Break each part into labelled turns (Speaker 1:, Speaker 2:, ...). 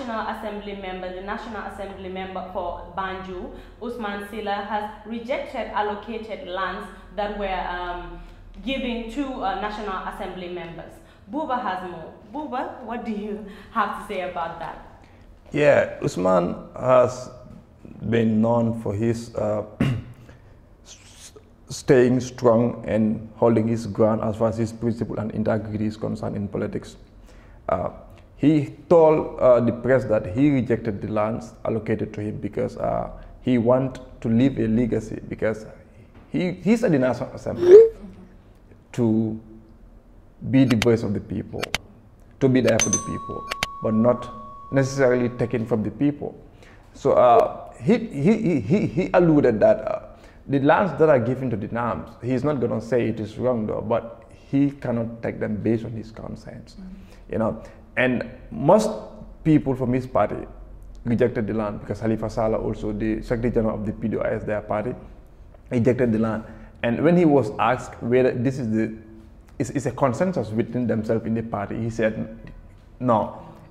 Speaker 1: National Assembly member, the National Assembly member for Banjul, Usman Sila, has rejected allocated lands that were um, given to uh, National Assembly members. Buba has more. Buba, what do you have to say about that?
Speaker 2: Yeah, Usman has been known for his uh, staying strong and holding his ground as far as his principle and integrity is concerned in politics. Uh, he told uh, the press that he rejected the lands allocated to him because uh, he wanted to leave a legacy because he, he said, the National Assembly to be the voice of the people, to be there for the people, but not necessarily taken from the people. So uh, he, he, he, he alluded that uh, the lands that are given to the NAMs, he's not going to say it is wrong though, but he cannot take them based on his conscience. Mm -hmm. You know, and most people from his party rejected the land because Halifa Saleh, also the Secretary General of the PDOIS, their party, rejected the land. And when he was asked whether this is the is, is a consensus within themselves in the party, he said, no,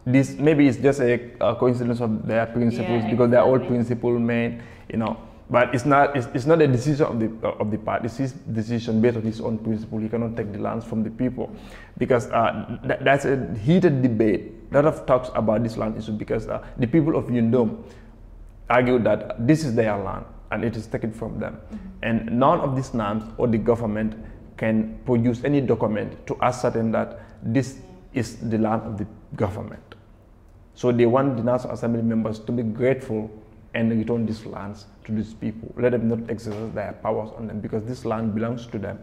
Speaker 2: this maybe it's just a, a coincidence of their principles yeah, because exactly. they're all principle men, you know. But it's not, it's, it's not a decision of the, uh, of the party. It's his decision based on his own principle. He cannot take the lands from the people. Because uh, th- that's a heated debate. A lot of talks about this land issue because uh, the people of Yundum argue that this is their land and it is taken from them. Mm-hmm. And none of these NAMs or the government can produce any document to ascertain that this is the land of the government. So they want the National Assembly members to be grateful and return these lands to these people. Let them not exercise their powers on them because this land belongs to them.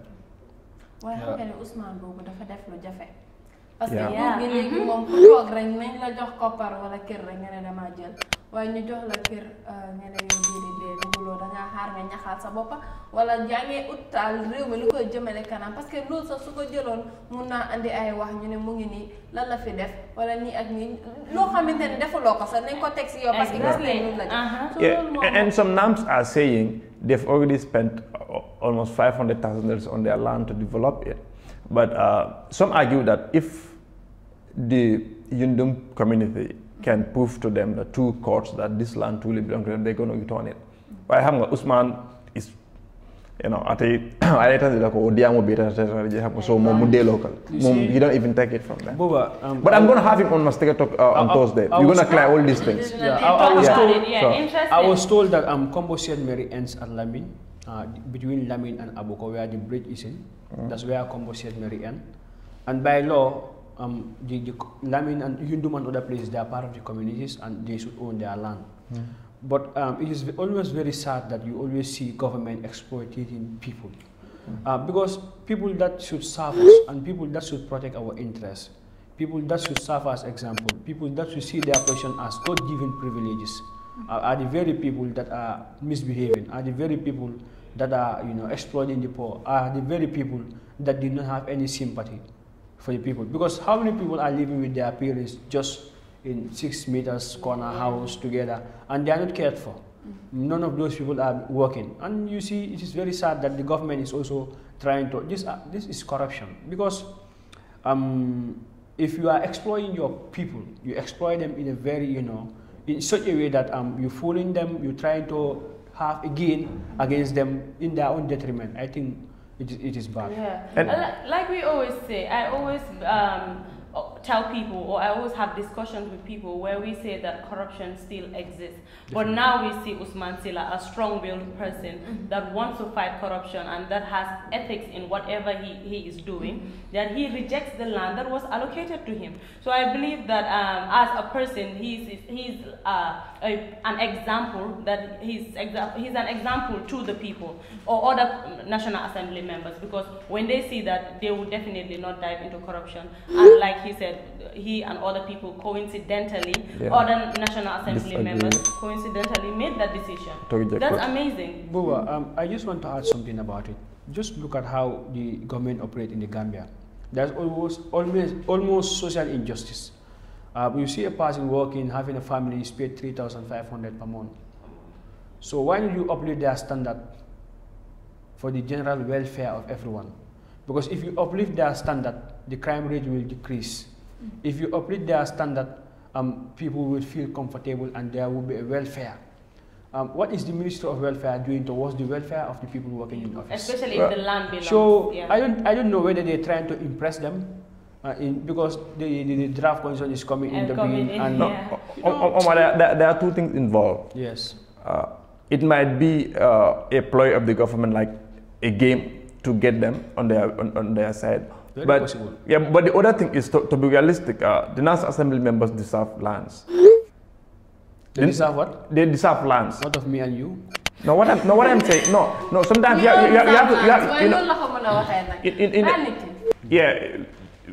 Speaker 1: waaye ñu jox la kër eh, nga ne yow déedéet déedéet bëgguloo da ngaa xaar nga ñaxal sa bopp wala jàngee utal réew mi lu koy jëmale kanam parce que loolu sax su ko jëloon mun naa andi ay wax ñu ne mu ngi nii lan la fi def wala ni ak nii loo xamante ne defuloo ko sax nañ ko teg si yow parce que gis nañ ñu la def. and
Speaker 2: some NAMs are saying they've already spent almost five hundred thousand dollars on their land to develop it but uh, some argue that if the Yundum community can prove to them the two courts that this land truly belongs to them, they're going to return it. But I have Usman is, you know, at a I later they like, oh, so mom day local. Mom, you don't even take it from them.
Speaker 3: Boba, um,
Speaker 2: but I'm going to have him on my sticker talk uh, on I, Thursday. You're going to clear all these things. Yeah, I, was yeah. told, yeah, so. I was told
Speaker 3: that um, Combo Saint Mary ends at Lamin, uh, between Lamin and Aboko, where the bridge is in. Mm. That's where Combo Saint Mary ends. And by law, um, the, the Lamin and Hindu and other places, they are part of the communities and they should own their land. Mm. But um, it is always very sad that you always see government exploiting people. Mm. Uh, because people that should serve us and people that should protect our interests, people that should serve as example, people that should see their position as God given privileges, uh, are the very people that are misbehaving, are the very people that are you know exploiting the poor, are the very people that do not have any sympathy for the people because how many people are living with their parents just in six meters corner house together and they are not cared for mm-hmm. none of those people are working and you see it is very sad that the government is also trying to this uh, this is corruption because um, if you are exploiting your people you exploit them in a very you know in such a way that um, you're fooling them you're trying to have a gain against them in their own detriment i think it, it is bad. Yeah. And
Speaker 1: like we always say, I always um, tell people or I always have discussions with people where we say that corruption still exists. Definitely. But now we see Usman Sila, a strong willed person mm -hmm. that wants to fight corruption and that has ethics in whatever he, he is doing, mm -hmm. that he rejects the land that was allocated to him. So I believe that um, as a person, he's, he's uh, a, an example that he's, exa- he's an example to the people or other National Assembly members because when they see that, they will definitely not dive into corruption. And like he said, he and other people coincidentally, yeah. other National Assembly Disagree. members coincidentally made that decision. That's amazing. Buba,
Speaker 3: um, I just want to add something about it. Just look at how the government operates in the Gambia. There's almost, almost, almost social injustice. Uh, you see a person working, having a family, is paid 3,500 per month. So why don't you uplift their standard for the general welfare of everyone? Because if you uplift their standard, the crime rate will decrease if you uplift their standard, um, people will feel comfortable and there will be a welfare. Um, what is the Minister of Welfare doing towards the welfare of the people working in office? Especially well, if the land belongs. So yeah. I don't, I don't know whether they're trying to impress them. Uh, in, because the, the, the draft constitution is coming and in the beginning. And no, yeah. you
Speaker 2: know, there, there, there, are two things involved. Yes. Uh, it might be uh, a ploy of the government, like a game to get them on their on, on their side, very but, possible. Yeah, but the other thing is to, to be realistic, uh, the National Assembly members deserve lands. They the, deserve what? They deserve lands. Not of me and you. No, what I'm, no, what I'm saying, no, no. Sometimes you, have, you, you have to, you have, you know, in, in, in, yeah.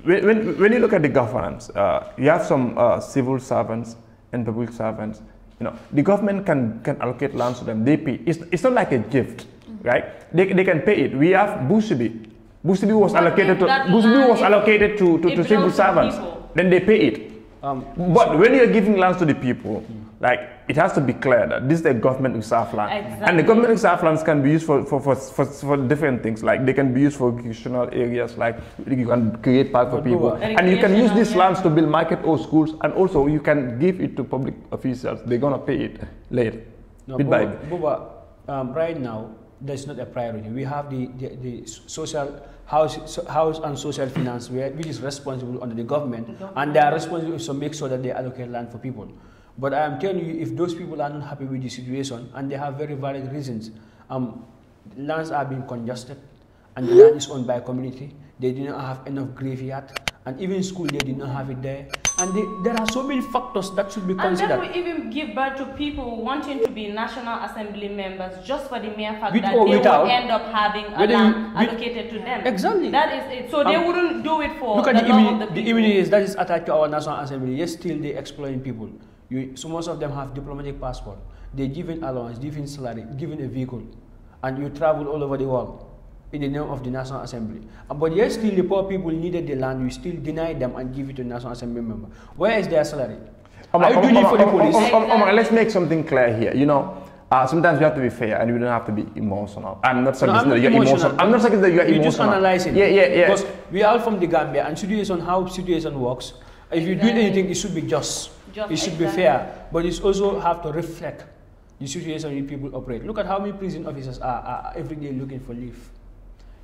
Speaker 2: When, when, you look at the governance, uh, you have some uh, civil servants and public servants. You know, the government can, can allocate lands to them. They pay. It's, it's not like a gift, mm -hmm. right? They, they can pay it. We have Bushibi Boost B was allocated to Boost B was allocated to to, to civil servants. People. Then they pay it. Um, but so when you're giving lands to the people, mm. like it has to be clear that this is the government reserve land, exactly. and the government reserve lands can be used for for, for, for, for different things. Like they can be used for recreational areas, like you can create parks for people, and you can use these yeah. lands to build market or schools, and also you can give it to public officials. They're gonna pay it later, no, bit Buba, by bit.
Speaker 3: Buba, um, right now that's not a priority. We have the, the, the social house, house and social finance, where, which is responsible under the government, the government, and they are responsible to make sure that they allocate land for people. But I am telling you, if those people are not happy with the situation and they have very valid reasons, um, lands are being congested, and the land is owned by a community. They do not have enough graveyard and even school they did not have it there and they, there are so many factors that should be considered and then we
Speaker 1: even give birth to people wanting to be national assembly members just for the mere fact with that they without, will end up having a land allocated to them exactly that is it so they um, wouldn't do it for look at the, the, the,
Speaker 3: the immunity that is attached to our national assembly Yet still they exploiting people you, so most of them have diplomatic passport they given allowance given salary given a vehicle and you travel all over the world in the name of the National Assembly. But yet still the poor people needed the land, we still denied them and give it to National Assembly member. Where is their salary?
Speaker 2: Are you doing it for the police? let's make something clear here. You know, uh, sometimes we have to be fair and we don't have to be emotional. I'm not suggesting no, that you're emotional. emotional. I'm not suggesting that you're emotional. just analyzing. Yeah, yeah, yeah. Because
Speaker 3: we are all from the Gambia and situation, how situation works. If you do anything, it should be just. just it should exactly. be fair. But it also have to reflect the situation people operate. Look at how many prison officers are, are every day looking for leave.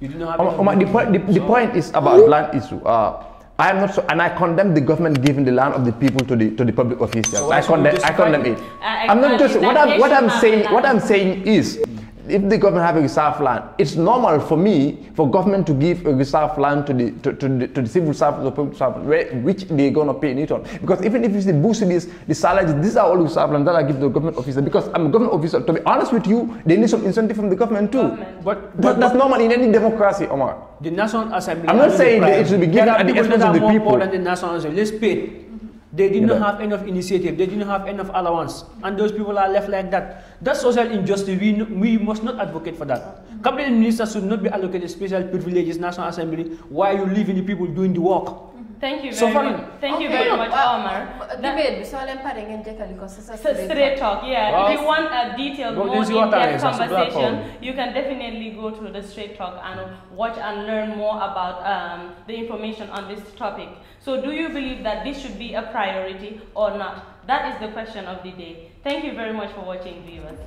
Speaker 3: You do not have. Um, um, the point, the, the point is about land
Speaker 2: issue. Uh, I am not so, and I condemn the government giving the land of the people to the to the public officials. So I condemn, I condemn it. Uh, I'm not uh, just what I'm what I'm saying. What I'm saying is if the government have a reserve land, it's normal for me for government to give a reserve land to the to, to the, to the civil servants or public servants, where, which they're gonna pay in it on. Because even if it's the subsidies, the salaries, these are all reserve land that I give to the government officer. Because I'm a government officer. To be honest with you, they need some incentive from the government too. Government. But, but, but, that's normal in any democracy, Omar.
Speaker 3: The National Assembly. I'm not saying it should be given at the expense of the people. More than the National Assembly. Let's pay they didn't yeah. have enough initiative. They didn't have enough allowance. And those people are left like that. That social injustice, we, we must not advocate for that. Cabinet ministers should not be allocated special privileges, National Assembly, while you leaving the people doing the work
Speaker 1: thank you very so much. Thank okay. you very much, Omar. Debate, uh, so I'm paring in straight talk. Yeah, well, if you want a detailed, more in-depth conversation, you can definitely go to the straight talk and watch and learn more about um, the information on this topic. So, do you believe that this should be a priority or not? That is the question of the day. Thank you very much for watching, viewers.